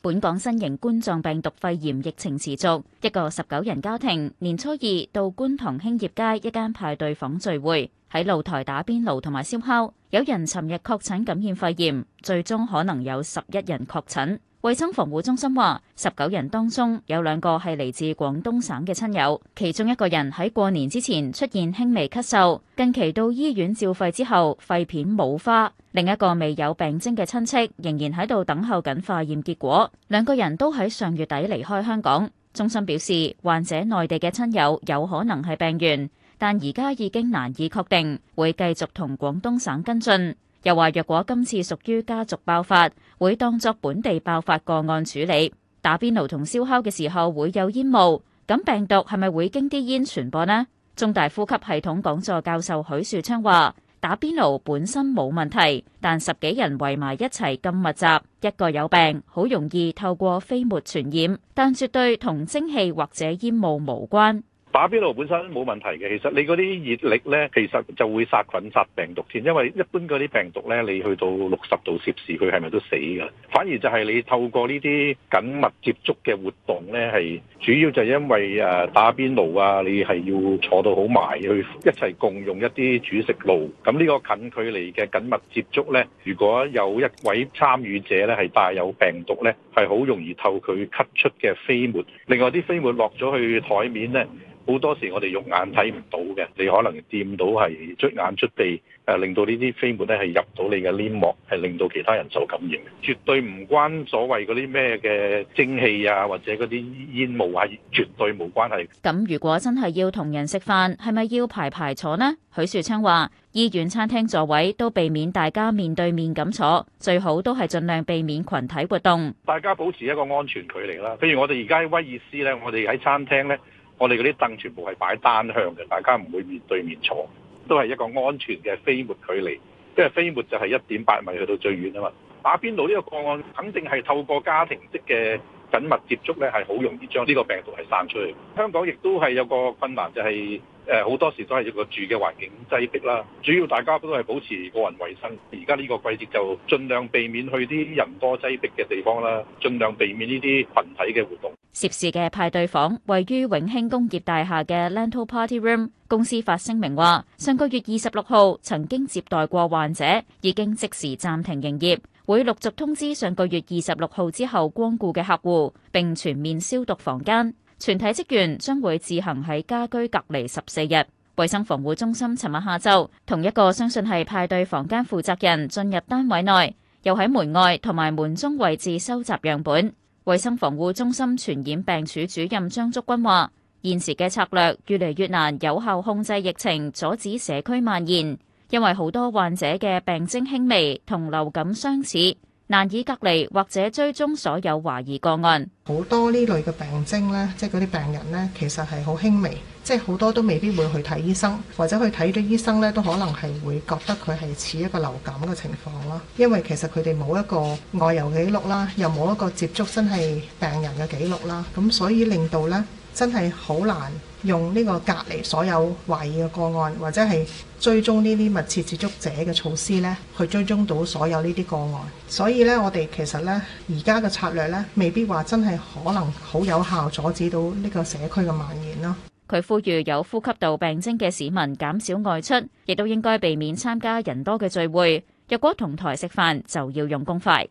本港新型冠狀病毒肺炎疫情持續，一個十九人家庭年初二到觀塘興業街一間派對房聚會，喺露台打邊爐同埋燒烤，有人尋日確診感染肺炎，最終可能有十一人確診。衛生防護中心話，十九人當中有兩個係嚟自廣東省嘅親友，其中一個人喺過年之前出現輕微咳嗽，近期到醫院照肺之後，肺片冇花；另一個未有病徵嘅親戚仍然喺度等候緊化驗結果。兩個人都喺上月底離開香港。中心表示，患者內地嘅親友有可能係病源，但而家已經難以確定，會繼續同廣東省跟進。又話：若果今次屬於家族爆發，會當作本地爆發個案處理。打邊爐同燒烤嘅時候會有煙霧，咁病毒係咪會經啲煙傳播呢？中大呼吸系統講座教授許樹昌話：打邊爐本身冇問題，但十幾人圍埋一齊咁密集，一個有病好容易透過飛沫傳染，但絕對同蒸汽或者煙霧無關。打邊爐本身冇問題嘅，其實你嗰啲熱力呢，其實就會殺菌殺病毒添。因為一般嗰啲病毒呢，你去到六十度攝氏，佢係咪都死㗎？反而就係你透過呢啲緊密接觸嘅活動呢，係主要就因為誒打邊爐啊，你係要坐到好埋，去一齊共用一啲煮食爐。咁呢個近距離嘅緊密接觸呢，如果有一位參與者呢，係帶有病毒呢，係好容易透佢咳出嘅飛沫。另外啲飛沫落咗去台面呢。好多時我哋肉眼睇唔到嘅，你可能掂到係出眼出鼻，誒、啊、令到呢啲飛沫咧係入到你嘅黏膜，係令到其他人受感染，絕對唔關所謂嗰啲咩嘅蒸汽啊，或者嗰啲煙霧係、啊、絕對冇關係。咁如果真係要同人食飯，係咪要排排坐呢？許樹昌話：醫院餐廳座位都避免大家面對面咁坐，最好都係盡量避免群體活動，大家保持一個安全距離啦。譬如我哋而家喺威爾斯咧，我哋喺餐廳咧。我哋嗰啲凳全部係擺單向嘅，大家唔會面對面坐，都係一個安全嘅飛沫距離。因為飛沫就係一點八米去到最遠啊嘛。打邊爐呢個個案，肯定係透過家庭式嘅緊密接觸，呢係好容易將呢個病毒係散出去。香港亦都係有個困難，就係誒好多時都係一個住嘅環境擠迫啦。主要大家都係保持個人衞生，而家呢個季節就盡量避免去啲人多擠迫嘅地方啦，盡量避免呢啲群體嘅活動。涉事嘅派對房位於永興工業大廈嘅 Lento Party Room，公司發聲明話，上個月二十六號曾經接待過患者，已經即時暫停營業，會陸續通知上個月二十六號之後光顧嘅客戶，並全面消毒房間，全體職員將會自行喺家居隔離十四日。衛生防護中心尋日下晝，同一個相信係派對房間負責人進入單位內，又喺門外同埋門中位置收集樣本。衛生防護中心傳染病處主任張竹君話，現時嘅策略越嚟越難有效控制疫情，阻止社區蔓延，因為好多患者嘅病徵輕微，同流感相似。難以隔離或者追蹤所有懷疑個案。好多呢類嘅病徵呢，即係嗰啲病人呢，其實係好輕微，即係好多都未必會去睇醫生，或者去睇咗醫生呢，都可能係會覺得佢係似一個流感嘅情況咯。因為其實佢哋冇一個外遊記錄啦，又冇一個接觸真係病人嘅記錄啦，咁所以令到呢。真係好難用呢個隔離所有懷疑嘅個案，或者係追蹤呢啲密切接觸者嘅措施呢，去追蹤到所有呢啲個案。所以呢，我哋其實呢，而家嘅策略呢，未必話真係可能好有效阻止到呢個社區嘅蔓延咯。佢呼籲有呼吸道病徵嘅市民減少外出，亦都應該避免參加人多嘅聚會。若果同台食飯，就要用公筷。